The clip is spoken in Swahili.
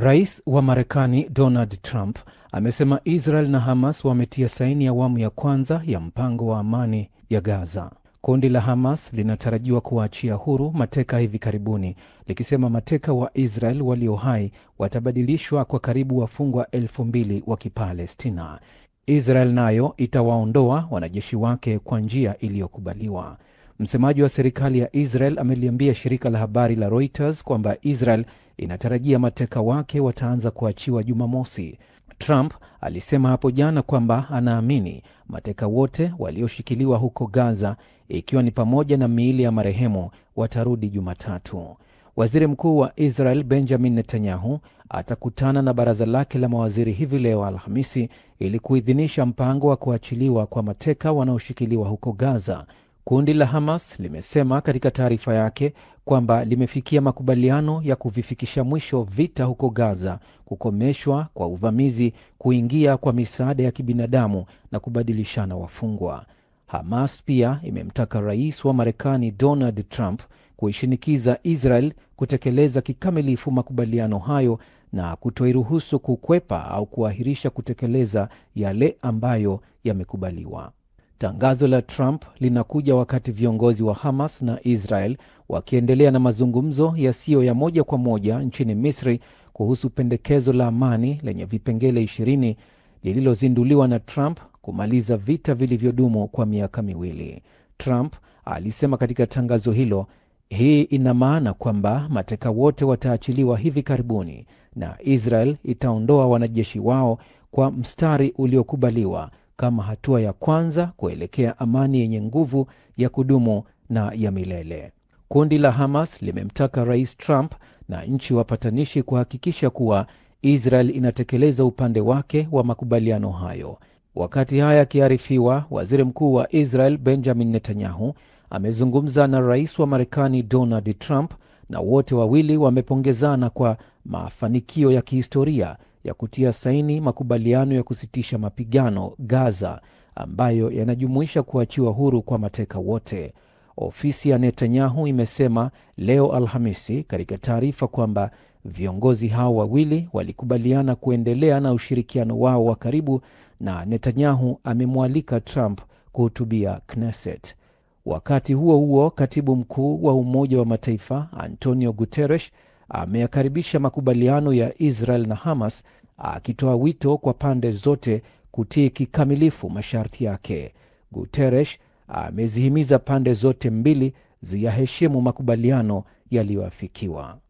Rais wa Marekani Donald Trump amesema Israel na Hamas wametia saini ya awamu ya kwanza ya mpango wa amani ya Gaza. Kundi la Hamas linatarajiwa kuwaachia huru mateka hivi karibuni, likisema mateka wa Israel walio hai watabadilishwa kwa karibu wafungwa 20 wa Kipalestina. Israel nayo itawaondoa wanajeshi wake kwa njia iliyokubaliwa. Msemaji wa serikali ya Israel ameliambia shirika la habari la Reuters kwamba Israel inatarajia mateka wake wataanza kuachiwa Jumamosi. Trump alisema hapo jana kwamba anaamini mateka wote walioshikiliwa huko Gaza, ikiwa ni pamoja na miili ya marehemu, watarudi Jumatatu. Waziri Mkuu wa Israel Benjamin Netanyahu atakutana na baraza lake la mawaziri hivi leo Alhamisi ili kuidhinisha mpango wa kuachiliwa kwa mateka wanaoshikiliwa huko Gaza Kundi la Hamas limesema katika taarifa yake kwamba limefikia makubaliano ya kuvifikisha mwisho vita huko Gaza, kukomeshwa kwa uvamizi, kuingia kwa misaada ya kibinadamu na kubadilishana wafungwa. Hamas pia imemtaka rais wa Marekani Donald Trump kuishinikiza Israel kutekeleza kikamilifu makubaliano hayo na kutoiruhusu kukwepa au kuahirisha kutekeleza yale ambayo yamekubaliwa. Tangazo la Trump linakuja wakati viongozi wa Hamas na Israel wakiendelea na mazungumzo yasiyo ya moja kwa moja nchini Misri kuhusu pendekezo la amani lenye vipengele ishirini lililozinduliwa na Trump kumaliza vita vilivyodumu kwa miaka miwili. Trump alisema katika tangazo hilo, hii ina maana kwamba mateka wote wataachiliwa hivi karibuni na Israel itaondoa wanajeshi wao kwa mstari uliokubaliwa kama hatua ya kwanza kuelekea amani yenye nguvu ya kudumu na ya milele. Kundi la Hamas limemtaka Rais Trump na nchi wapatanishi kuhakikisha kuwa Israel inatekeleza upande wake wa makubaliano hayo. Wakati haya akiarifiwa, Waziri Mkuu wa Israel Benjamin Netanyahu amezungumza na Rais wa Marekani Donald Trump na wote wawili wamepongezana kwa mafanikio ya kihistoria ya kutia saini makubaliano ya kusitisha mapigano Gaza ambayo yanajumuisha kuachiwa huru kwa mateka wote. Ofisi ya Netanyahu imesema leo Alhamisi katika taarifa kwamba viongozi hao wawili walikubaliana kuendelea na ushirikiano wao wa karibu, na Netanyahu amemwalika Trump kuhutubia Knesset. Wakati huo huo, katibu mkuu wa Umoja wa Mataifa Antonio Guterres ameyakaribisha makubaliano ya Israel na Hamas akitoa wito kwa pande zote kutii kikamilifu masharti yake. guteresh amezihimiza pande zote mbili ziyaheshimu makubaliano yaliyoafikiwa.